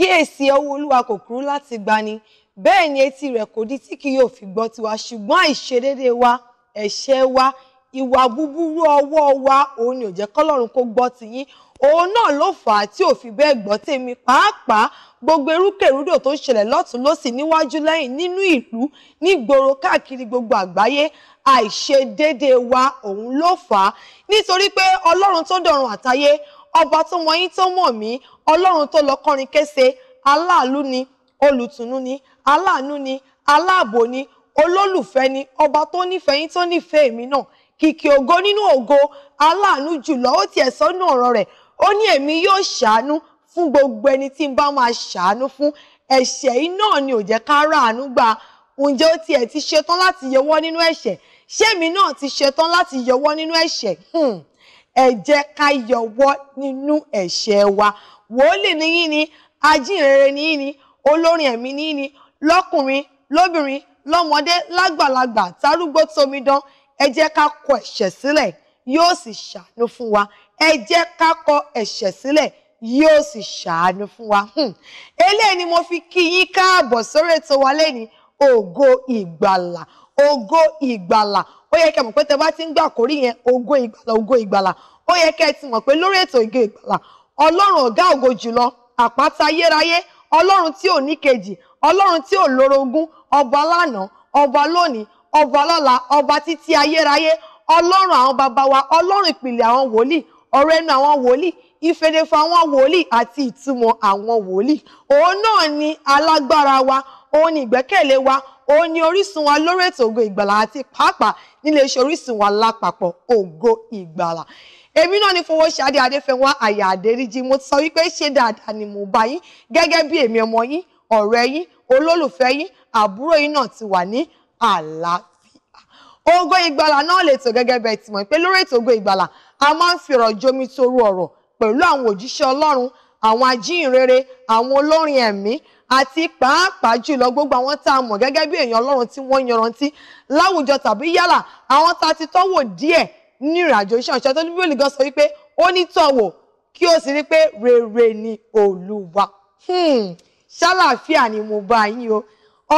kíyèsí ọwọ́ olúwa kò kúrú láti gbani bẹ́ẹ̀ ni etí rẹ̀ kò di tí kì yóò fi gbọ́ tiwa ṣùgbọ́n àìṣedédé wa ẹ̀ṣẹ̀ wa ìwà búburú ọwọ́ wa òun ni ò jẹ́ kọ́lọ́run kó gbọ́ tiyín òun náà ló fà á tí ò fi bẹ́ẹ̀ gbọ́ tèmi pàápàá gbogbo erúkèrúdò tó ń ṣẹlẹ̀ lọ́tún lọ́sì níwájú lẹ́yìn nínú ìlú nígboro káàkiri gbogbo àgbáyé àìṣedédé wa òun ló fà á nítorí pé ọlọ́run tó dọ̀run àtayé ọba tó mọ yín tó mọ̀ mí ọlọ́run tó lọ kọrin kése aláàlú ni olùtùnú ni aláàánú ni aláàbò ni olólùfẹ́ ni ọba tó nífẹ̀ẹ́ yín tó nífẹ̀ẹ́ mi náà kìkì ògo nínú ògo aláàánú jùlọ ó tiẹ̀ sọ́nù ọ̀rọ̀ rẹ̀ ó ní èmi yóò ṣàánú fún gbogbo ẹni tí n bá máa ṣàánú fún ẹ̀ṣẹ̀ yìí náà ni ò jẹ́ ká ráàánú gbà ǹjẹ́ ó tiẹ̀ ti ṣetán láti yọwọ́ nínú ẹ̀ṣẹ̀ ṣé èmi náà ti ṣetán láti yọwọ́ nínú ẹ̀ṣẹ̀? Hmm. ẹ jẹ́ ká yọwọ́ nínú ẹ̀ṣẹ̀ wa wòólì níyìn ni ajínrere níyìn ni olórin ẹ̀mí níyìn ni Lọkùnrin, lóbìnrin lọ́mọdé lágbàlagbà tarúgbó tomidán ẹ jẹ́ ká kọ ẹ̀ṣẹ̀ sílẹ̀ yóò sì ṣàánú fún wa ẹ jẹ́ ká kọ ẹ̀ṣẹ̀ sílẹ̀ yóò sì ṣàánú fún wa hmm. eléyìí ni mo fi kí yín káàbọ̀ sórí ètò wa lẹ́ni ògo ìgbàlà ògo ìgbàlà ó yẹ kẹ́ mọ̀ pé tẹ bá ti ń gbà kórí yẹn ògo ìgbàlà ògo ìgbàlà ó yẹ kẹ́ ti mọ̀ pé lórí ètò ògo ìgbàlà ọlọ́run ọ̀gá ògo jùlọ àpáta ayérayé ọlọ́run tí ò ní kejì ọlọ́run tí ò lórogún ọba lánàá ọba lónìí ọba lọ́la ọba títí ayérayé ọlọ́run àwọn bàbá wa ọlọ́run ìpìlẹ̀ àwọn wòlíì ọ̀rọ̀ ẹnu àwọn wòlíì ìfẹ́dẹ̀fọ́ àwọn wòlíì àti ìtumọ̀ àwọn wòlíì òun náà ni alágbára wa òun ni ìgbẹ́kẹ̀lé wa òun ni orísun wa lórí ètò ògo ìgbàlà àti pàápàá nílé iṣẹ́ orísun wa lápapọ̀ ògo ìgbàlà èmi náà ni Fowóṣadé Adéfẹ́nwá àyà àdéríjì mo sọ wípé ṣé dáadáa ni mo bá yín gẹ́gẹ́ bí èmi ọmọ yín ọ̀rẹ́ yín olólùfẹ́ yín àbúrò yín náà ti wà ní àlàáfíà ògo ìgbàlà náà lè tò gẹ́gẹ́ bẹ́ẹ̀ ti mọ̀ pé lórí ètò ògo ìgbàlà a máa ń fi ọ̀rọ̀ jomi toro ọ̀rọ̀ pẹ̀lú àwọn òjíṣẹ́ Ọlọ́run àwọn ajíhìnrere àwọn olórin ẹ̀mí àti pàápàá jùlọ gbogbo àwọn tá a mọ̀ gẹ́gẹ́ bí èèyàn ọlọ́run tí wọ́n yanrantí láwùjọ tàbí yálà àwọn tá a ti tọ́wò díẹ̀ ní ìrìnàjò iṣẹ́ ìṣẹ́ tó ní bíbélì gan sọ wípé ó ní tọ̀wò kí ó sì rí pé rere ni olúwa hmm, ṣàlàáfíà ni mo bá yín o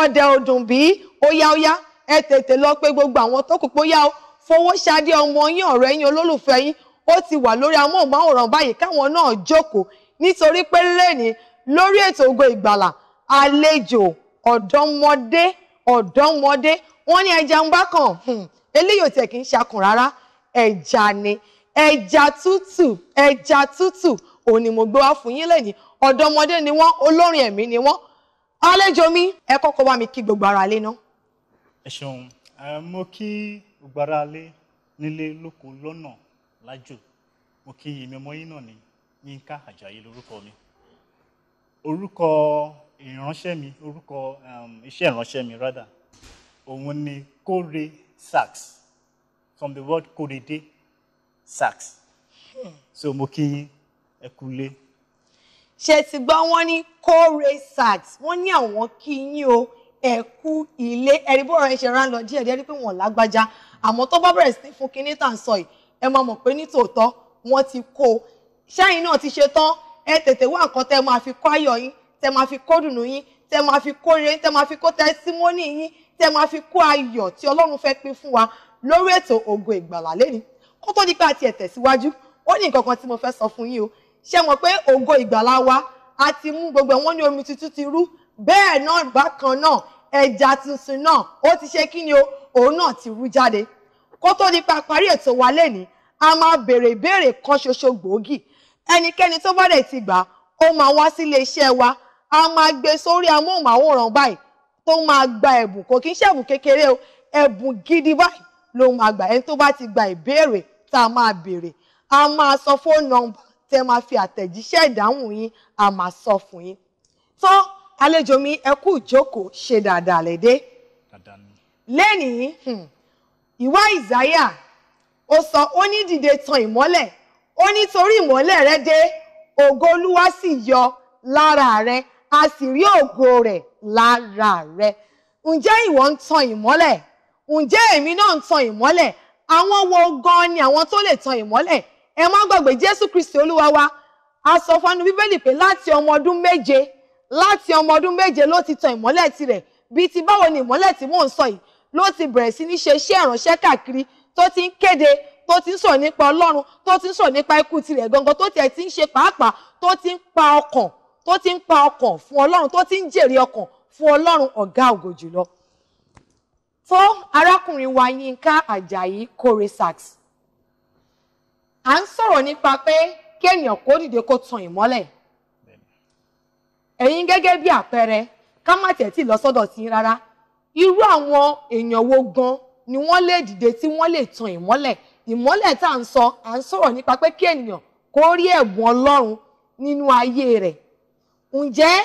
ọdẹ ọdún bí ó yá ó yá ẹ tètè lọ pé gbogbo àwọn tó kù pé ó yá o Fowóṣadé ọmọ yín ọ̀rẹ́ yín olólùfẹ́ yín ó ti wà lórí amóhùnmáwòrán báyìí káwọn náà jókòó nítorí pé lẹ́ni lórí ètò Ògo Ìgbàlà àlejò ọ̀dọ́mọdé ọ̀dọ́mọdé wọ́n ní ẹja ń bá kàn hmm. eléyìí ò tiẹ̀ kì í ṣakùn rárá ẹja ni ẹja tútù ẹja tútù òun ni mo gbé wá fún yín lẹ́yìn ọ̀dọ́mọdé ni wọ́n olórin ẹ̀mí ni wọ́n àlejò mi ẹ kọ́kọ́ bá mi kí gbogbo ara lé náà. ẹ ṣeun mo kí gbogbo ara lé nílé lóko lọ́nà lájò mo kí ìmọ̀ yín náà ní Yínká Àjàyí lórúkọ mi orúkọ ìránṣẹ́ mi orúkọ um, iṣẹ́ ìránṣẹ́ mi rather òun ni kóre sax from the word kórede sax hmm. so mo kí yín ẹ kúlé. ṣe ti gbọ́ wọ́n ní kóre sax wọ́n ní àwọn kí yín o ẹ kú ilé ẹ̀rí bọ́ọ̀rọ̀ ẹ̀ ṣe rán lọ díẹ̀ díẹ̀ rí pé wọ́n lágbájá àmọ́ tó bá bẹ̀rẹ̀ sí fún kinní tà ń sọ yìí ẹ máa mọ̀ pé ní tòótọ́ wọ́n ti kó o ṣáàyìn náà ti ṣe tán ẹ tètè wá nǹkan tẹ́ máa fi kọ́ ayọ̀ yín tẹ máa fi kó dùnú yín tẹ máa fi kó re tẹ máa fi kó tẹsímọ́nì yín tẹ máa fi kó ayọ̀ tí ọlọ́run fẹ́ pín fún wa lórí ètò ògo ìgbàlà lẹ́ni kó tó di pé àti ẹ̀ tẹ̀síwájú ó ní nǹkan kan tí mo fẹ́ sọ fún yín o ṣé mọ̀ pé ògo ìgbàlà wa a ti mú gbogbo wọn ní omi tuntun ti rú bẹ́ẹ̀ náà bákan náà ẹja tuntun náà ó ti ṣe kí ni o òun náà ti rú jáde kó tó di pé àparí ètò wa lẹ́ni a máa béèrè ìbéèrè kan ṣoṣo gbòógì ẹnikẹ́ni tó bá dẹ̀ ti gbà ó máa wá sílé iṣẹ́ wa a máa gbé sórí amóhùnmáwòrán báyìí tó máa gba ẹ̀bùn kò kí ń ṣẹ̀bùn kékeré o ẹ̀bùn gidi báyìí ló máa gbà ẹni tó bá ti gba ìbéèrè tá a máa béèrè a máa sọ fóònù nọ́mbà tẹ máa fi àtẹ̀jíṣẹ́ ìdáhùn yín a máa sọ fún yín tán àlejò mi ẹ kú ìjókòó ṣe dáadáa lẹ́dẹ́ lẹ́nìí ìwá ìzáyà ó sọ ó ní dìde tan ìmọ́lẹ̀ ó nítorí ìmọ́lẹ̀ rẹ dé ògo olúwa sì yọ lára rẹ a sì rí ògo rẹ̀ lára rẹ̀ ǹjẹ́ ìwọ ń tan ìmọ́lẹ̀ ǹjẹ́ èmi náà ń tan ìmọ́lẹ̀ àwọn wo gan ni àwọn tó lè tan ìmọ́lẹ̀ ẹ má gbàgbé jésù kristi olúwa wa a sọ fanu bíbélì pé láti ọmọ ọdún méje láti ọmọ ọdún méje ló ti tan ìmọ́lẹ̀ tirẹ̀ bíi ti báwo ni ìmọ́lẹ̀ tí mò ń sọ yìí ló ti bẹ̀rẹ̀ sí ní ṣe iṣẹ́ ìránṣẹ́ káàkiri tó ti ń kéde tó ti ń sọ̀rọ̀ nípa ọlọ́run tó ti ń sọ̀rọ̀ nípa ikú tirẹ̀ gangan tó tiẹ̀ ti ń ṣe pàápàá tó ti ń pa ọkàn tó ti ń pa ọkàn fún ọlọ́run tó ti ń jèrè ọkàn fún ọlọ́run ọ̀gá ògo jùlọ tó arákùnrin wa Yínká Àjàyí Kore Sax à ń sọ̀rọ̀ nípa pé kéèyàn kó dìde kó tan ìmọ́lẹ̀ ẹ̀yin gẹ́gẹ́ bí àpẹẹrẹ ká má tẹ̀ tí lọ sọ́dọ̀ sí rárá irú àwọn èèyàn wo gan ni wọ́n lè dìde tí wọ́n lè tan ìmọ́lẹ̀ ìmọ́lẹ̀ tá à ń sọ à ń sọ̀rọ̀ nípa pé kí kó rí ẹ̀bùn ọlọ́run nínú ayé rẹ̀ ǹjẹ́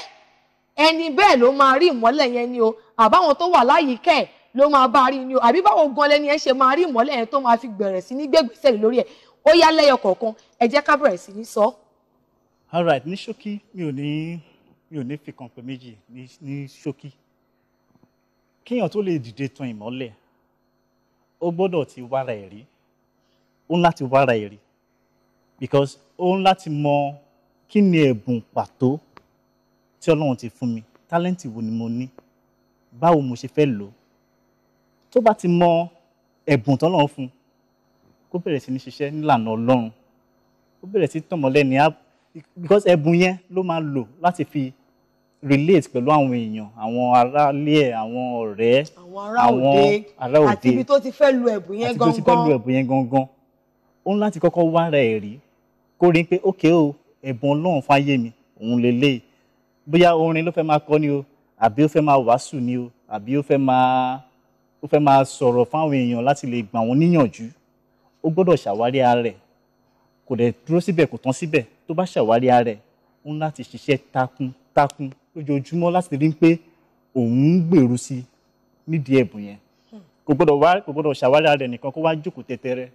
ẹni bẹ́ẹ̀ ló máa rí ìmọ́lẹ̀ yẹn ni o àbáwọn tó wà láyìíká ẹ̀ ló máa bá rí ni o àbí báwo gan lẹni ẹ ṣe máa rí ìmọ́lẹ̀ yẹn tó máa fi bẹ̀rẹ̀ sí ní gbẹ̀gbẹ̀sẹ̀ lórí ẹ̀ ó yá lẹ́yọ kọ̀ọ̀kan ẹ jẹ́ ká bẹ̀rẹ̀ sí ní sọ. all ní ṣókí mi ò ní mi ò ní fi kan pé méjì ní ṣókí kéèyàn tó lè dìde tan ìmọ́lẹ̀ ó gbọ́dọ̀ ti wára ẹ̀ rí ó ń láti wára ẹ̀ rí because ó ń láti mọ kí ni ẹ̀bùn pàtó tí ọlọ́run ti fún mi tálẹ́ǹtì wo ni mo ní báwo mo ṣe fẹ́ lò ó tó bá ti mọ ẹ̀bùn tọ́lọ́run fún kó bẹ̀rẹ̀ sí ní ṣiṣẹ́ nílànà ọlọ́run ó bẹ̀rẹ̀ sí tọ̀mọ́lẹ́ni because ẹ̀bùn yẹn ló máa lò láti fi relate pẹ̀lú àwọn èèyàn àwọn aráalé ẹ̀ àwọn ọ̀rẹ́ àwọn ará òde àti ibi tó ti fẹ́ lu ẹ̀bùn yẹn gangan àti ibi tó ti fẹ́ lu ẹ̀bùn yẹn gangan ó ń láti kọ́kọ́ wá ara ẹ̀ rí kó rí pé ókè o ẹ̀bùn ọlọ́run fáyé mi òun lélẹ́yìí e bóyá orin ló fẹ́ máa kọ ni o àbí ó fẹ́ máa wàásù ni o àbí ó fẹ́ máa ó fẹ́ máa sọ̀rọ̀ fáwọn èèyàn láti lè gbà wọ́n níyànjú ó gbọ́dọ̀ ṣàwárí ara rẹ̀ kò dẹ̀ dúró síbẹ̀ kò tán síbẹ̀ tó bá ṣàwárí ara ń láti ṣiṣẹ́ takuntakun lójoojúmọ́ láti rí pé òun ń gbèrú sí nídìí ẹ̀bùn yẹn kò gbọ́dọ̀ wá kò gbọ́dọ̀ ṣàwárí ara nìkan kó wá jókòó tẹ́tẹ́rẹ́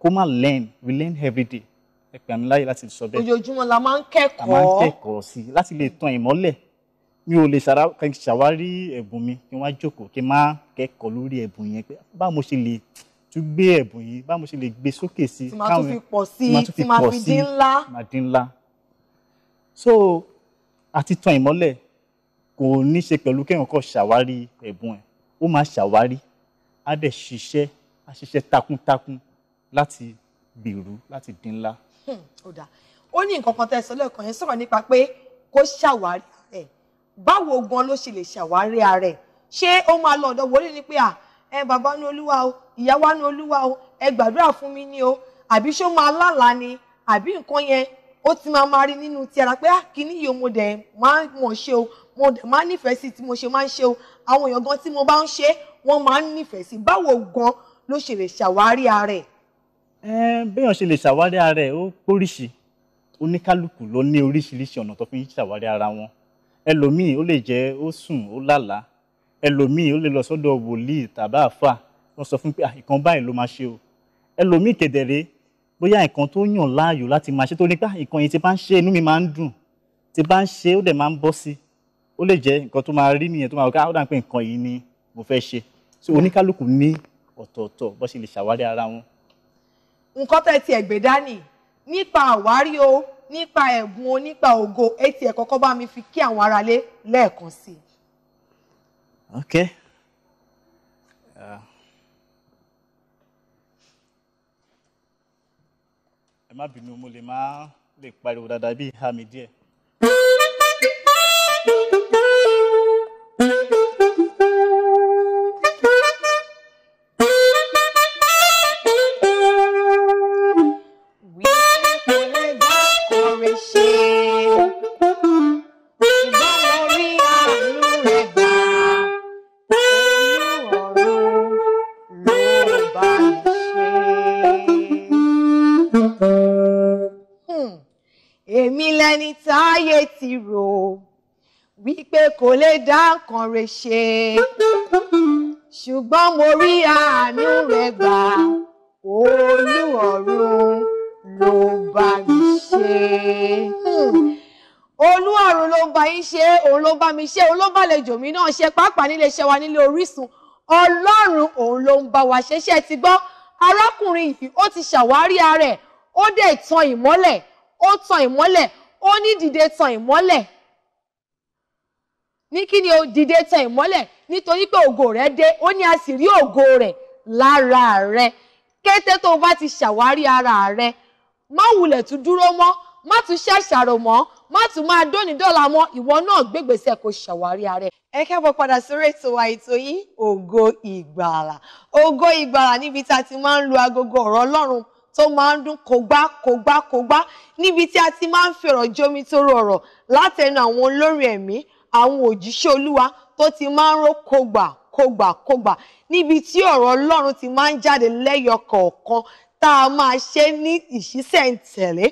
kó má learn we learn every day ẹ pè mí láyè láti sọ bẹ́ẹ̀. ojoojúmọ́ la máa ń kẹ́kọ̀ọ́. la máa ń kẹ́kọ̀ọ́ sí i láti lè tan ìmọ́lẹ̀ mi ò lè ṣàwárí ẹ̀bùn mi kí n wá jókòó kí n má kẹ́kọ̀ọ́ lórí ẹ̀bùn yẹn pé báwo mo ṣe lè tún gbé ẹ̀bùn yìí báwo mo ṣe lè gbé sókè sí i. tí máa tún fi pọ̀ sí i tí máa fi dín ńlá. máa dín ńlá. so àti tan ìmọ́lẹ̀ kò ní ṣe pẹ̀lú kéèyàn kọ́ ṣàwárí ẹ̀bùn ẹ̀ ó máa ṣàwárí á dẹ̀ ṣiṣẹ́ Hmm, ó dáa ó ní nǹkan kan tẹ́ ẹ sọ lẹ́ẹ̀kan yẹn sọ̀rọ̀ nípa pé kó ṣàwárí rẹ̀ báwo gan ló ṣe lè ṣàwárí rẹ̀ ṣé ó máa lọ ọ̀dọ̀ wòlíì ni pé à ẹ bàbá ní olúwa o ìyá wa ní olúwa o ẹ gbàdúrà fún mi ni o àbí ṣó máa lálàá ni àbí nǹkan yẹn ó ti máa máa rí nínú ti ara pé à kíní yìí mo dẹ̀ máa ń mọ̀ ṣe o mo dẹ̀ máa ń nífẹ̀ẹ́ sí tí mo ṣe máa ń ṣe o àwọn èèyàn gan tí mo bá ń ṣe wọ́n máa ń nífẹ̀ẹ́ sí báwo gan ló ṣe lè ṣàwárí rẹ̀ béèyàn ṣe lè ṣàwárí ara ẹ̀ ó póríṣi oníkálukú ló ní oríṣiríṣi ọ̀nà tó fi ń ṣàwárí ara wọn ẹlòmíì ó lè jẹ́ ó sùn ó lálàá ẹlòmíì ó lè lọ sọ́dọ̀ wòlíì tàbá àfà wọ́n sọ fún pé nǹkan báyìí ló máa ṣe o ẹlòmíì kẹ̀dẹ̀rẹ́ bóyá nǹkan tó yàn láàyò láti máa ṣe tó ní pé yìí ti bá ń ṣe inú mi máa ń dùn ti bá ń ṣe ó dẹ̀ máa ń bọ́ sí ó lè jẹ́ nǹkan tó máa rí nìyẹn tó máa ká ó dà pé nǹkan yìí ni mo fẹ́ ṣe so oníkálukú ní ọ̀tọ̀ọ̀tọ̀ bó ṣe lè ṣàwárí ara wọn nǹkan tẹ́ ti ẹ̀gbẹ́ dání nípa àwárí o nípa ẹ̀bùn o nípa ògo etí ẹ̀ kọ́kọ́ bá mi fi kí àwọn aráalé lẹ́ẹ̀kan sí i. ok uh, ẹ má bínú mo lè má lè pariwo dáadáa bí ìhà díẹ̀. dá nǹkan rẹ̀ ṣe ṣùgbọ́n mo rí àánú rẹ̀ gbà olú ọ̀run ló bá mi ṣe olú ọ̀run ló bá yín ṣe òun ló bá mi ṣe òun ló bá àlejò mi náà ṣe pàápàá nílé iṣẹ́ wa nílé Orísun Ọlọ́run òun ló ń bá wa ṣe ṣe ti gbọ́ arákùnrin yìí ó ti ṣàwárí ara ẹ̀ ó dẹ̀ tan ìmọ́lẹ̀ ó tan ìmọ́lẹ̀ ó ní dìde tan ìmọ́lẹ̀ ní kí ni o dìde tẹ ìmọ́lẹ̀ nítorí pé ògo rẹ dé ó ní a sì rí ògo rẹ lára rẹ kété tó o bá ti ṣàwárí ara rẹ má wulẹ̀ tún dúró mọ́ má tún ṣàṣàrò mọ́ má tún máa dóni dọ́là mọ́ ìwọ náà gbégbèsè kò ṣàwárí ara ẹ. ẹ kẹ́bọ̀ padà sórí ètò wa ètò yìí ògo ìgbàlà ògo ìgbàlà níbi tá a ti máa ń lu agogo ọ̀rọ̀ ọlọ́run tó máa ń dún kògbá kògbá kògbá níbi tí a ti máa ń fèrò jomitoro ọ̀rọ̀ látẹnu àwọn olórin ẹ̀mí àwọn òjíṣẹ́ olúwa tó ti máa ń ró kógbà kógbà kógbà níbi tí ọ̀rọ̀ ọlọ́run ti máa ń jáde lẹ́yọ kọ̀ọ̀kan tá a máa ṣe ní ìṣísẹ̀ǹtẹ̀lé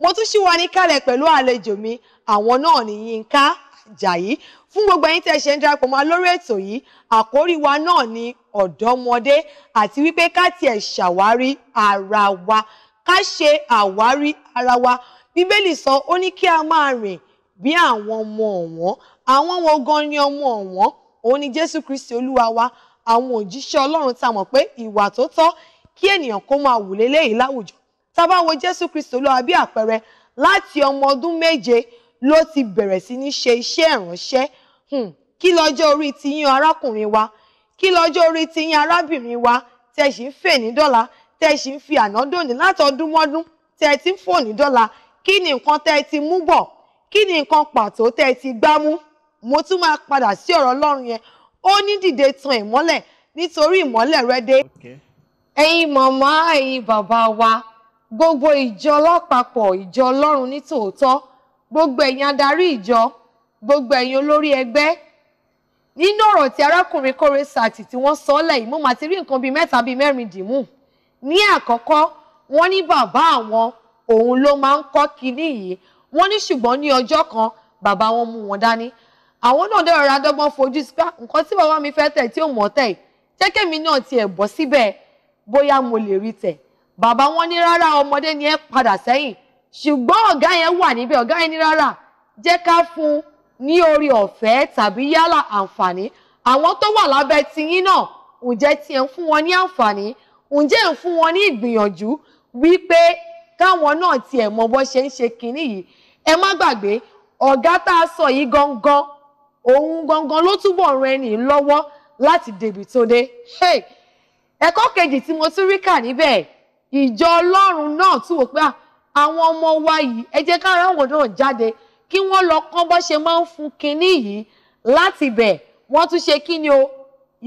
mo tún ṣì wà níkàlẹ̀ pẹ̀lú àlejò mi àwọn náà ní Yínká Àjàyí fún gbogbo ẹ̀yin tẹ́ ṣe ń darapọ̀ mọ́ lórí ètò yìí àkórí wa náà ni ọ̀dọ́mọdé àti wípé ká tiẹ̀ ṣàwárí ara wa ká ṣe àwárí ara wa bíbélì sọ ó ní kí a máa rìn bí àwọn ọmọ ọ̀wọ́n àwọn wo gan ni ọmọ ọ̀wọ́n òun ni jésù kristi olúwa wa àwọn òjíṣẹ́ ọlọ́run tá a mọ̀ pé ìwà tó tọ́ kí ènìyàn kó máa wù léléyìí láwùjọ tá a bá wo jésù kristi olúwa bí àpẹẹrẹ láti ọmọ ọdún méje ló ti bẹ̀rẹ̀ sí ní ṣe iṣẹ́ ìránṣẹ́ hmm, kí lọ́jọ́ orí ti yín arákùnrin wa kí lọ́jọ́ orí ti yín arábìnrin wa tẹ́ sì ń fè ní dọ́là tẹ́ sì ń fi àná dòní látọdún mọ́dún tẹ́ ti ń fò ní dọ́là kí ni nǹkan tẹ́ ti mú bọ̀ kí ni nǹkan pàtó tẹ́ ti gbámú mo tún máa padà sí ọ̀rọ̀ ọlọ́run yẹn ó ní dìde tan ìmọ́lẹ̀ nítorí ìmọ́lẹ̀ rẹ dé. ẹ̀yin màmá ẹ̀yin bàbá wa gbogbo ìjọ lápapọ̀ ìjọ ọlọ́run ní tòótọ́ gbogbo ẹ̀yin adarí ìjọ gbogbo ẹ̀yin olórí ẹgbẹ́ nínú ọ̀rọ̀ tí arákùnrin kórè sàtì tí wọ́n sọ lẹ́yìn mo mà ti rí nǹkan bíi mẹ́ta bíi mẹ́rin dìímú ní àkọ́kọ́ wọ́n ní bàbá àwọn òun ló máa ń kọ́ kinní yìí wọ́n ní ṣùgbọ́n ní ọjọ́ kan bàbá wọn mú wọn dání àwọn náà dẹ̀ rọra dọ́gbọ́n fojú sí pé ah, nǹkan tí bàbá mi fẹ́ tẹ̀ tí ò mọ̀ tẹ̀ jẹ́ kémi náà tiẹ̀ bọ́ síbẹ̀ bóyá mo lè rí tẹ̀ bàbá wọn ní rárá ọmọdé ni ẹ padà sẹ́yìn ṣùgbọ́n ọ̀gá yẹn wà níbẹ̀ ọ̀gá yẹn ní rárá jẹ́ ká fún un ní orí ọ̀fẹ́ tàbí yálà àǹfààní àwọn tó wà lábẹ́ tiyín náà ǹjẹ́ tiẹ̀ ń fún wọn ní àǹfààní ǹjẹ́ ń fún wọn ní ìgbìyànjú wípé káwọn náà tiẹ̀ mọ bó ṣe ń ṣe kinní yìí ẹ má gbàgbé ọ̀gá tá a sọ yìí gangan òun gangan ló túbọ̀ ran ẹni lọ́wọ́ láti dèbì tó dé ẹ̀kọ́ kejì tí mo tún rí kà níbẹ̀ ìjọ ọlọ́run náà tún wò pé ah, àwọn ọmọ wa yìí ẹ jẹ́ káwọn ọ̀wọ̀ náà jáde kí wọ́n lọ kọ́ bọ́ ṣe máa ń fún kinní yìí láti bẹ̀ wọ́n tún ṣe kí ni o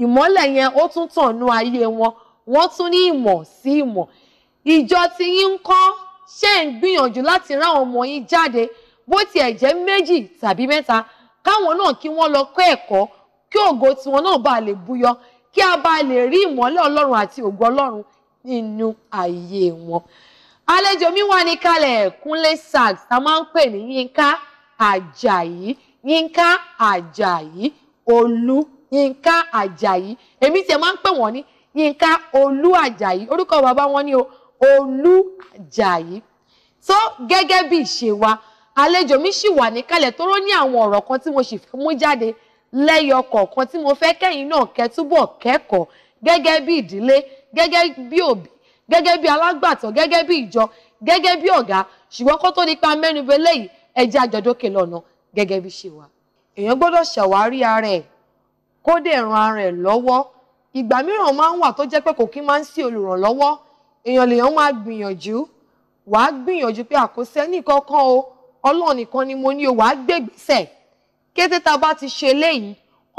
ìmọ́lẹ̀ yẹn ó tún tànú ayé wọn wọ́n tún ní ìmọ̀ sí ìmọ̀ ìjọ tí yín ń kọ́ ṣe ń gbìyànjú láti rán ọmọ yín jáde bó tiẹ̀ jẹ́ méjì tàbí mẹ́ta káwọn náà kí wọ́n lọ kọ́ ẹ̀kọ́ kí ògo tiwọn náà bá lè búyọ kí a bá lè rí ìmọ́lẹ̀ ọlọ́run àti ògo ọlọ́run nínú ayé wọn. àlejò mi wà ní kalẹ̀ Kúnlé Sax tá a máa ń pè ní Yínká Àjàyí Yínká Àjàyí Olú Yínká Àjàyí èmi tiẹ̀ máa ń pè wọ́n ní Yínká Olú Àjàyí orúkọ bàbá wọn ni o Olú Àjàyí tó gẹ́gẹ́ bí ìṣe wa àlejò mi sì wà níkàlẹ̀ tóró ní àwọn ọ̀rọ̀ kan tí mo sì fẹ́ mú jáde lẹ́yọ kọ̀ọ̀kan tí mo fẹ́ kẹ́yìn náà kẹ́túbọ̀ kẹ́kọ̀ọ́ gẹ́gẹ́ bí ìdílé gẹ́gẹ́ bí òbí gẹ́gẹ́ bí alágbàtọ́ gẹ́gẹ́ bí ìjọ gẹ́gẹ́ bí ọ̀gá ṣùgbọ́n kó tó nípa mẹ́nubẹ lẹ́yìn ẹjẹ́ àjọ̀dókè lọ́nà gẹ́gẹ́ bí ṣe wà. èèyàn gbọ́dọ̀ ṣàwárí ara ẹ̀ kó dẹ̀ ran ara ẹ̀ lọ́wọ́ ìgbà mìíràn máa ń wà tó jẹ́ pé kò kí máa ń sí olùrànlọ́wọ́ èèyàn lèèyàn máa gbìyànjú wàá gbìyànjú pé àkóso ẹnì kankan o ọlọ́run nìkan ni mo ní o wàá gbé kété tá a bá ti ṣe eléyìí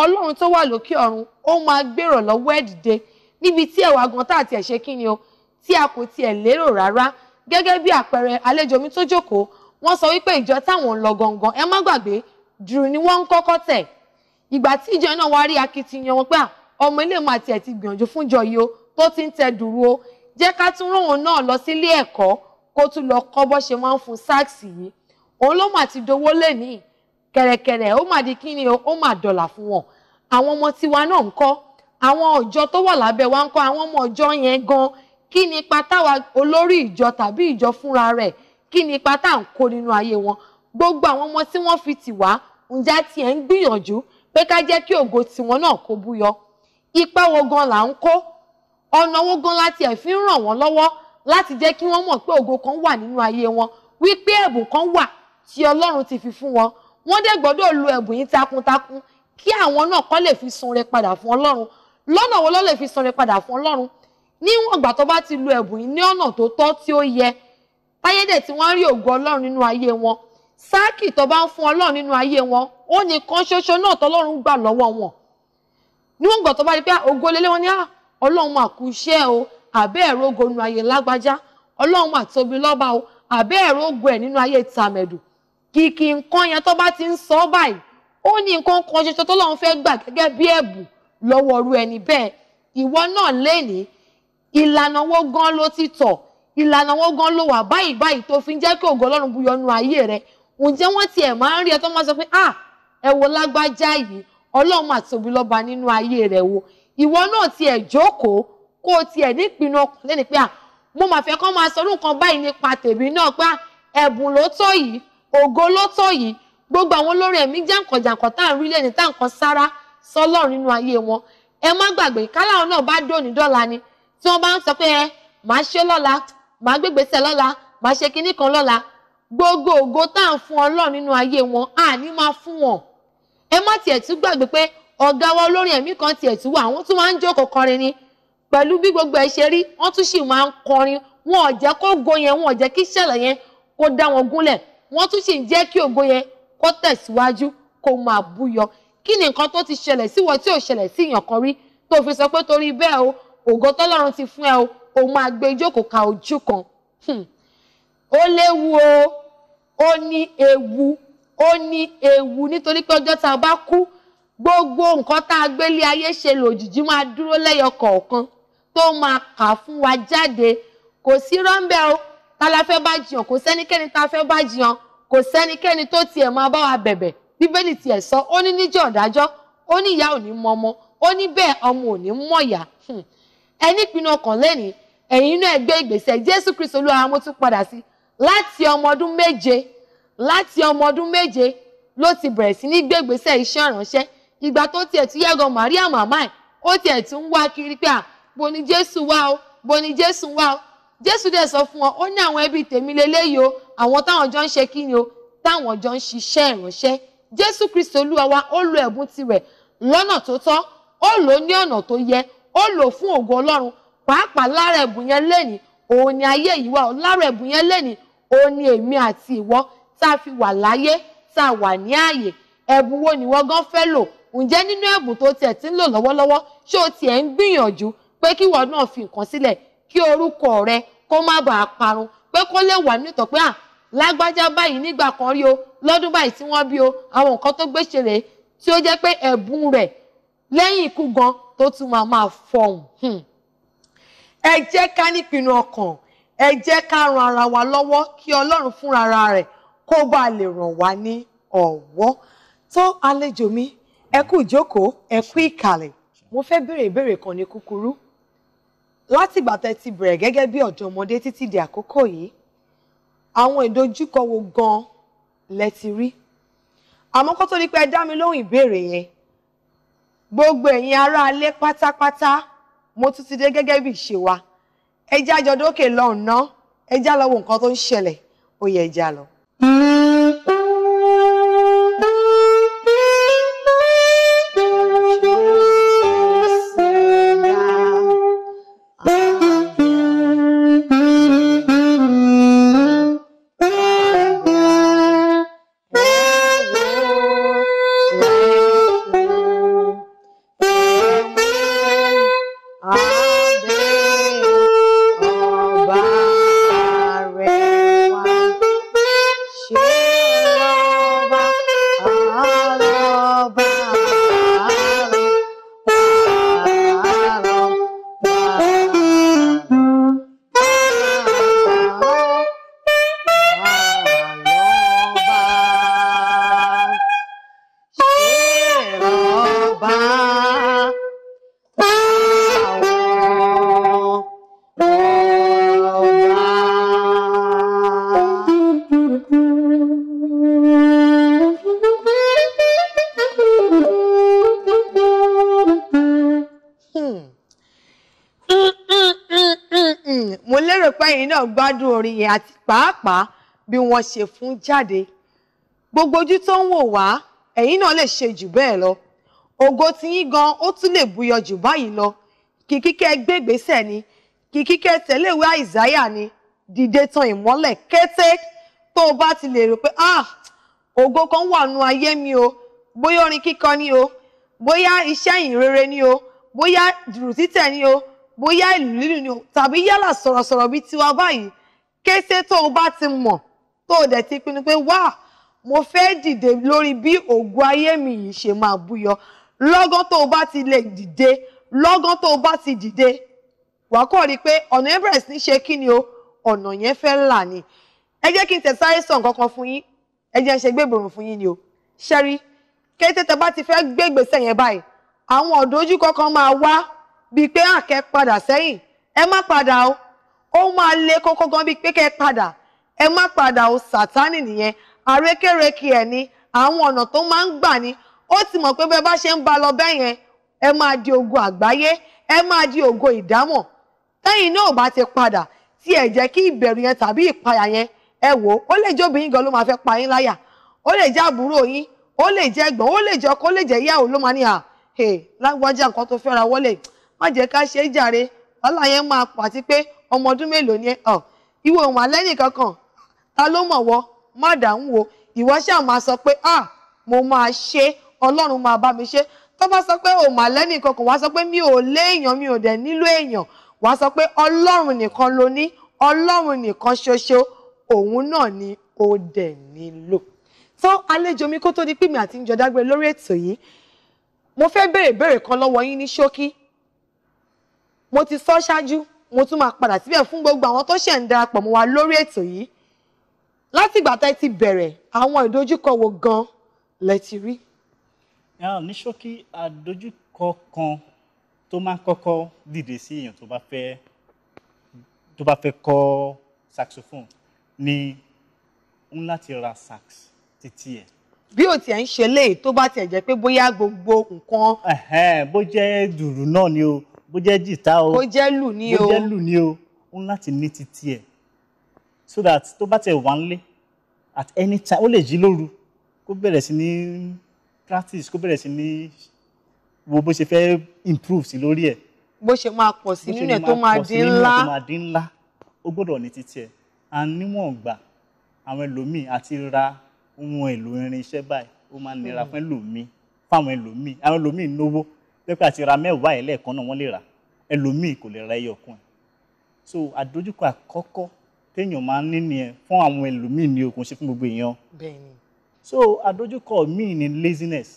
ọlọ́run tó wà lókè ọ̀run ó máa gbèrò lọ́wọ́ ẹ̀ níbi tí ẹ̀wà gan tá àti ẹ̀ ṣe kí ni o tí a kò tiẹ̀ lérò rárá gẹ́gẹ́ bí àpẹẹrẹ àlejò mi tó jókòó wọ́n sọ wípé ìjọ táwọn ń lọ gangan ẹ má gbàgbé dùrù ni wọ́n ń kọ́kọ́ tẹ̀ ìgbà tí ìjọ náà wá rí akitiyan wọn pé ọmọ ilé ìmọ̀ àti ẹ̀ ti gbìyànjú fúnjọ yìí o tó ti ń tẹ dùrù o jẹ́ ká tún rán òun náà lọ sílé ẹ̀kọ́ kó tún lọ kọ́ bọ́ ṣe máa ń fún sáàsì yìí òun ló mà ti dowó lẹ́nìí kẹ̀rẹ̀kẹ̀rẹ̀ ó mà di kíni o ó mà dọ̀là fún wọn àwọn ọmọ tiwa náà ń kọ́ àwọn ọ̀jọ́ tó wà lábẹ́ wa ń kọ́ àwọn ọmọ ọ̀jọ́ yẹn gan kí ni ipa táwa olórí ìjọ tàbí ìjọ fúnra rẹ̀ kí ni ipa tá à ń kó nínú ayé wọn gbogbo àwọn ọmọ tí wọ́n fi tì wá ǹjẹ́ tiẹ̀ ń gbìyànjú pé ká jẹ́ kí ògo tiwọn náà kó búyọ ipa wo gan là ń kó ọ̀nà wo gan láti ẹ̀ fi ń ràn wọ́n lọ́wọ́ láti jẹ́ kí wọ́n mọ̀ pé ògo kan wà nínú ayé wọn wípé ẹ̀bùn kan wà tí Ọlọ́run ti fi fún wọn wọ́n dẹ̀ gbọ́dọ̀ lo ẹ̀bùn yìí takuntakun kí àwọn náà kọ́ lè fi sanre padà fún Ọlọ́run lọ́nà wo ló lè fi sanre padà fún Ọlọ́run níwọ̀n ìgbà tó bá ti lo ẹ̀bùn yìí ní ọ̀nà tó tọ́ tí ó yẹ táyé dẹ̀ tí wọ́n rí ògo Ọlọ́run nínú ayé wọn sáàkì tó bá ń fún Ọlọ́run nínú ayé wọn ó ní kan ṣoṣo náà tọ́lọ́run gbà lọ́wọ́ wọn níwọ̀n ìgbà tó bá rí pé ògo lélẹ́ wọn ní Ọlọ́run mà kú iṣẹ́ o àbẹ́ ẹ̀rọ ògo nínú ayé lágbájá Ọlọ́run mà tóbi lọ́ba o àbẹ́ ẹ̀rọ ògo ẹ̀ nínú ayé tàmẹ̀dù kìkì nǹkan yẹn tó bá ti ń sọ báyìí ó ní nǹkan kan ṣoṣo tó lóun fẹ́ gbà gẹ́gẹ́ bí ẹ̀bùn lọ́wọ́ ru ẹni bẹ́ẹ̀ ìwọ náà léni ìlànà wo gan ló ti tọ̀ ìlànà wo gan ló wà báyìí báyìí tó fi ń jẹ́ kí ògo Ọlọ́run buyọnu ayé rẹ ǹjẹ́ wọ́n tiẹ̀ máa ń rí ẹ tó máa sọ pé ah ẹ wo lágbájá yìí Ọlọ́run mà tóbi lọ́ba nínú ayé rẹ wo ìwọ náà tiẹ̀ jókòó kó o tiẹ̀ nípinnu ọkàn lẹ́ni pé ah mo mà fẹ́ kọ́ máa sọ orúkọ báyìí nípa tèmi náà pé ẹ̀bùn ló tọ́ yìí ògo ló tó yìí gbogbo àwọn olórí ẹ̀mí jàǹkànjàǹkàn tá à ń rí lẹ́ni tá à ń kan sára sọ́lọ́run nínú ayé wọn ẹ má gbàgbé káláwọn náà bá dòní dọ́là ni tí wọ́n bá ń sọ pé ẹ màá ṣe lọ́la màá gbégbèsè lọ́la màá ṣe kinní kan lọ́la gbogbo ògo tá à ń fún ọlọ́run nínú ayé wọn à ní máa fún wọn ẹ má tiẹ̀ tún gbàgbé pé ọ̀gá wa olórin ẹ̀mí kan tiẹ̀ tún wà wọ́n tún máa ń jókòó kọrin ni pẹ̀lú bí gbogbo ẹ̀ ṣe rí wọ́n tún sì máa ń kọrin wọn ò jẹ́ kó go yẹn wọn ò jẹ́ kí ṣẹlẹ̀ yẹn kó dá wọn gúnlẹ̀ wọ́n tún sì ń jẹ́ kí ògo yẹn kó tẹ̀síwájú kó máa búyọ kí ni nǹkan tó ti ṣẹlẹ̀ sí wọn tí ò ṣẹlẹ̀ sí èèyàn kan rí tó fi sọ pé torí bẹ́ẹ̀ o ògo tọ́lọ́run ti fún ẹ o o máa gbé jókòó ka ojú kan hmm. ó léwu o ó ní ewu ó ní ewu nítorí pé ọjọ́ tá a bá kú gbogbo nǹkan tá a gbélé ayé ṣe lòjijì máa dúró lẹ́yọ kọ̀ọ̀kan tó máa kà fún wa jáde kò sí rọ́ńbẹ́ o Tala la fẹ́ bá jiyàn kò sẹ́nikẹ́ni ta fẹ́ bá jiyàn kò sẹ́nikẹ́ni tó tiẹ̀ máa bá wa bẹ̀bẹ̀ bíbélì tiẹ̀ sọ ó ní níjọ́ ọ̀dájọ́ ó ní ìyá ò ní mọ ọmọ ó ní bẹ́ẹ̀ ọmọ ò ní mọ̀yà hmm. ẹni pinnu ọkàn lẹ́ni ẹ̀yin inú ẹgbẹ́ ìgbésẹ̀ jésù kristu olúwa mo tún padà sí láti ọmọ ọdún méje láti ọmọ ọdún méje ló ti bẹ̀rẹ̀ sí ní gbé ìgbésẹ̀ iṣẹ́ ìránṣẹ́ ìgbà tó tiẹ̀ tún yẹ́gàn maria màmá ẹ̀ ó tiẹ̀ tún wá kiri pé à bo ni jésù wá o bo ni jésù wá o jésù dẹ̀ sọ fún wọn ó ní àwọn ẹbí tèmi leléyìí o àwọn táwọn jọ ń ṣe kí ni o táwọn jọ ń ṣiṣẹ́ ìránṣẹ́ jésù kristi olúwa wa ó lo ẹ̀bùn tirẹ̀ lọ́nà tó tọ́ ó lò ó ní ọ̀nà tó yẹ ó lò fún ògo ọlọ́run pàápàá lára ẹ̀bùn yẹn lẹ́nìí òun ni ayé yìí wà lára ẹ̀bùn yẹn lẹ́nìí òun ni èmi àti ìwọ tá a fi wà láyé tá a wà ní ààyè ẹ̀bùn wo ni wọ́n gan fẹ́ lò ǹjẹ́ nínú ẹ̀bùn tó tiẹ̀ ti ń lò lọ́wọ́lọ́wọ́ ṣé o tiẹ̀ ń gbìyànjú pé kí wọ́n náà fi nǹkan sílẹ̀ kí orúkọ rẹ kó má bàa parun pé kó lè wà nítọ̀ pé à lágbájá báyìí nígbà kan rí o lọ́dún báyìí tí wọ́n bí o àwọn nǹkan tó gbé ṣẹlẹ̀ tí ó jẹ́ pé ẹ̀bùn rẹ̀ lẹ́yìn ikú gan tó tún máa máa fọhùn. Hmm. ẹ jẹ́ ká nípinnu ọkàn ẹ jẹ́ ká ran ara wa lọ́wọ́ kí ọlọ́run fúnra rẹ̀ kó bá lè ràn wá ní ọ̀wọ́ tó àlejò mi ẹ kú ìjókòó ẹ kú ìkàlẹ̀ mo fẹ́ béèrè ìbéèrè kan ní kúkúrú látìgbà tẹ́ ti bẹ̀rẹ̀ gẹ́gẹ́ bí ọ̀jọ̀mọdé títí di àkókò yìí àwọn ìdojúkọ wo gan-an lẹ ti rí àmọ́ kó tó di pé ẹ dá mi lóhùn ìbéèrè yẹn gbogbo ẹ̀yin aráalé pátápátá mo tún ti dé gẹ́gẹ́ bí ìṣe wa ẹ já jọ dókè lọ́hùn ná ẹ já lọ wo nǹkan tó ń ṣẹlẹ̀ ó yẹ ẹ já lọ. Mm. náà gbádùn orin yẹn àti pàápàá bí wọ́n ṣe fún jáde gbogbo ojú tó ń wò wá ẹ̀yin náà lè ṣe jù bẹ́ẹ̀ lọ ògo ti yín gan ó tún lè buyọ jù báyìí lọ kìkíkẹ́ gbégbèsè ni kìkíkẹ́ tẹ̀léwé àìsáyà ni dìde tan ìmọ́lẹ̀ kété tó o bá ti lè rò pé ah ògo kan wà nù ayé mi o bóyá orin kíkọ ni o bóyá iṣẹ́ ìyìn rere ni o bóyá dùrù títẹ̀ ni o bóyá ìlú lílù ni o tàbí yálà sọ̀rọ̀sọ̀rọ̀ bíi tiwa báyìí kése tó o bá ti mọ̀ tó o dẹ̀ ti pinnu pé wá mo fẹ́ dìde lórí bí ògùn ayé mi yìí ṣe máa búyọ lọ́gán tó o bá ti lè dìde lọ́gán tó o bá ti dìde wàá kọ́ rí i pé ọ̀nà yẹn bẹ̀rẹ̀ ṣe kí ni o ọ̀nà yẹn fẹ́ là ni ẹ jẹ́ kí n tẹ̀ sáré sọ nǹkan kan fún yín ẹ jẹ́ n ṣe gbégbòrò fún yín ni o ṣẹ́rí kété tẹ bá ti fẹ́ gbégbèsè yẹn báyìí àwọn ọ̀dọ́jú kọ̀ọ̀kan máa wá bíi pé àkẹ́ ah, padà sẹ́yìn ẹ má padà o ó máa le kókó gan bíi pé kẹ́ ẹ padà ẹ má padà o sàtánì nìyẹn àrékérekè ẹ̀ ni àwọn ọ̀nà tó máa ń gbà ni ó ti mọ̀ pé bẹ́ẹ̀ bá ṣe ń ba lọ bẹ́ẹ̀ yẹn ẹ máa di ògo àgbáyé ẹ máa di ògo ìdámọ̀ tẹ́yìn náà ò bá ti padà tí ẹ jẹ́ kí ìbẹ̀rù yẹn tàbí ìpayà yẹn ẹ wò ó lè jẹ́ obìnrin gan ló máa fẹ́ pa yín láyà ó lè jẹ́ àbúrò yín ó lè jẹ́ ẹ̀gbọ́n ó lè jẹ́ ọkọ ó lè jẹ́ ìyàwó ló máa ní à ah, lágbájá nǹkan tó fẹ́ ra wọlé má jẹ́ ká ṣe é jàre wàhálà yẹn máa pọ̀ àti pé ọmọ ọdún mélòó ni ẹ ọ ìwọ òun alẹ́ nìkan kan ta ló mọ̀ wọ́ má dàún wo ìwọ ṣáà máa sọ pé ah mo máa ṣe ọlọ́run máa bá mi ṣe tó bá sọ pé òun alẹ́ nìkan kan wàá sọ pé mi ò léèyàn mi ò dẹ̀ nílò èèyàn wàá sọ pé ọlọ́run nìkan ló ní ọlọ́run nìkan ṣoṣo òun náà ni ó dẹ̀ nílò tó àlejò mi kó tó di pé mi àti ń dágbére lórí ètò yìí mo fẹ́ béèrè béèrè kan lọ́wọ́ yín ní ṣókí mo ti sọ ṣáájú mo tún máa padà síbẹ̀ fún gbogbo àwọn tó ṣẹ̀ ń darapọ̀ mọ́ wa lórí ètò yìí látìgbà tá ẹ ti bẹ̀rẹ̀ àwọn ìdojúkọ wo gan lẹ ti rí. ní ṣókí àdojúkọ kan tó máa kọ́kọ́ dìde sí èèyàn tó bá fẹ́ kọ́ saxophone ni ń láti ra sax títí ẹ̀. bí o tiẹ̀ ń ṣe léyìí tó bá tiẹ̀ jẹ́ pé bóyá gbogbo nǹkan. bó jẹ́ dùrù náà ni o bó jẹ́ jìtá o bó jẹ́ lù ní o bó jẹ́ lù ní o ó ń láti ní títí ẹ̀ so that tó bá tẹ̀ wá nílé at any time ó lè jí lóru kó bẹ̀rẹ̀ sí ní practice kó bẹ̀rẹ̀ sí ní wo bó ṣe fẹ́ improve sí lórí ẹ̀. bó ṣe máa pọ̀ sí nínú ẹ̀ tó máa dín ńlá tó máa dín ńlá ó gbọ́dọ̀ ní títí ẹ̀ à níwọ̀n gbà àwọn ẹlòmíì àti ra ohun èlò irinṣẹ́ báyìí ó máa nira hmm. fún ẹlòmíì fáwọn ẹlòmíì àwọn ẹlòmíì náwó pẹ́pẹ́ àti ra mẹ́wàá ẹ̀ lẹ́ẹ̀kan náà wọ́n lè rà ẹlòmíì kò lè ra ẹyọ kan ẹ̀ so àdójúkọ àkọ́kọ́ téèyàn máa ń ní nìyẹn fún àwọn ẹlòmíì ní okun ṣe fún gbogbo èèyàn so àdójúkọ míì ni laziness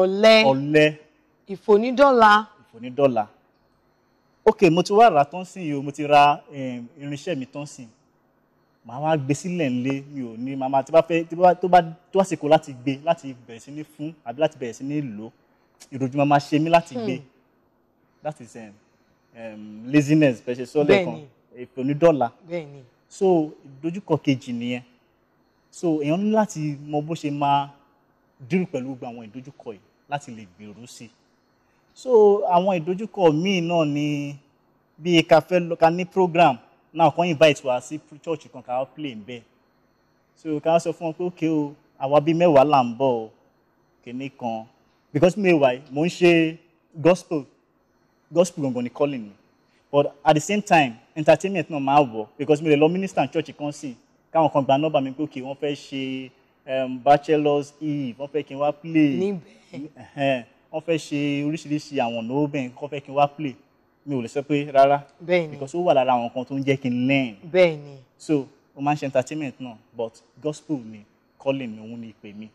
ọ̀lẹ ọ̀lẹ ìfònídọ́la ìfònídọ́la ok mo ti wá ra tán sí yìí o mo ti ra eh, irinṣẹ́ mi tán sí màá wá gbé sílẹ̀ nílé mi ò ní màá máa tó bá fẹ́ tó bá tó bá tó àsìkò láti gbé láti bẹ̀rẹ̀ sí ní fún àbí láti bẹ̀rẹ̀ sí ní lò ó ìrojú máa máa ṣe mí láti gbé hmm. that is um, um, laziness bẹ́ẹ̀ ṣe sọ lẹ́ẹ̀kan ètò onídọ́là so ìdojúkọ kejì nìyẹn so èèyàn ní láti mọ bó ṣe máa dírù pẹ̀lú gbogbo àwọn ìdojúkọ yìí láti lè gbèrú sí i so àwọn ìdojúkọ míì náà ni bí ká fẹ́ lọ ká ní program náà kàn invite wá sí church kan ká play ń bẹ́ẹ̀ so ká sọ fún wọn pé okay o àwa bíi mẹ́wàá là ń bọ̀ o kìnìkan because meanwhile mo ń ṣe gospel gospel gangan ni calling me. but at the same time entertainment náà máa wọ̀ because mi lè lọ minister and church kan sí káwọn kan gba nọ́mbà mi pé okay wọ́n fẹ́ ṣe um, bachelors eve wọ́n fẹ́ kí n wá play níbẹ̀ wọ́n fẹ́ ṣe oríṣiríṣi àwọn ọ̀nà obìnrin wọ́n fẹ́ kí n wá play mi ò lè sọ pé rárá bẹ́ẹ̀ni because ó wà lára àwọn nǹkan tó ń jẹ́ kí n learn bẹ́ẹ̀ni so mo máa ń ṣe entertainment náà but gospel ni calling mi òun ni ìpè mi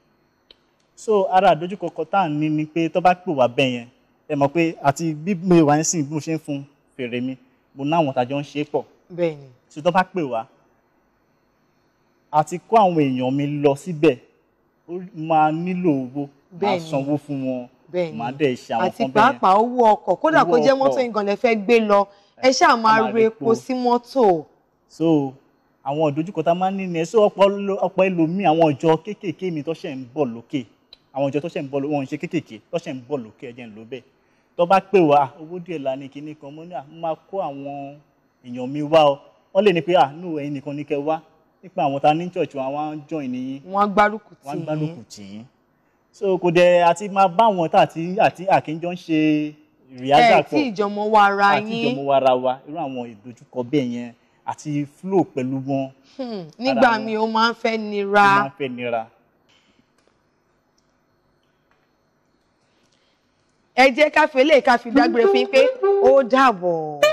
so ara àdójúkọ kan tá à ń ní ni pé tó bá pè wá bẹ́ẹ̀ yẹn ẹ mọ̀ pé àti bí mo wà nísìnyí bí mo ṣe ń fún fèrè mi mo náwọn tàjọ ń ṣe pọ̀ bẹ́ẹ̀ni so tó bá pè wá àti kó àwọn èèyàn mi lọ síbẹ̀ ó máa nílò owó máa fún wọn máa dẹ̀ ṣe àwọn kan bẹ́ẹ̀ yẹn àti pàápàá owó ọkọ̀ kódà kó jẹ́ mọ́tò ìgànnà fẹ́ gbé lọ ẹ ṣáà máa ro epo sí mọ́tò. so àwọn ìdojúkọ tá a máa ń ní ni ẹ so ọ̀pọ̀ ẹlòmíì àwọn ọjọ́ kéékèèké mi tó ṣẹ̀ ń bọ̀ lókè àwọn ìjọ tó ṣẹ̀ ń bọ̀ wọn ṣe kéékèèké tó ṣẹ̀ ń bọ̀ lókè ẹ̀jẹ̀ ń lò bẹ́ẹ̀ tó bá pè wá owó díẹ̀ la ní kinní kan mo ní à máa kó àwọn èèyàn mi wá o wọ́n lè ní pé à nù ẹ̀yin nìkan ní kẹ́ wá nípa àwọn ta ní ṣọ̀ọ̀ṣì wọn àwọn jọ ìníyín wọn gbárùkù gbárùkù tì yín so kò dẹ̀ àti máa bá wọn tá àti àti àkínjọ ń ṣe rìájà pọ̀ ẹ tí ìjọmọ wa ara yín àti ìjọmọ wa ara wa irú ẹ jẹ́ ká fi eléyìí ká fi dágbére fún yín pé ó dàbọ̀.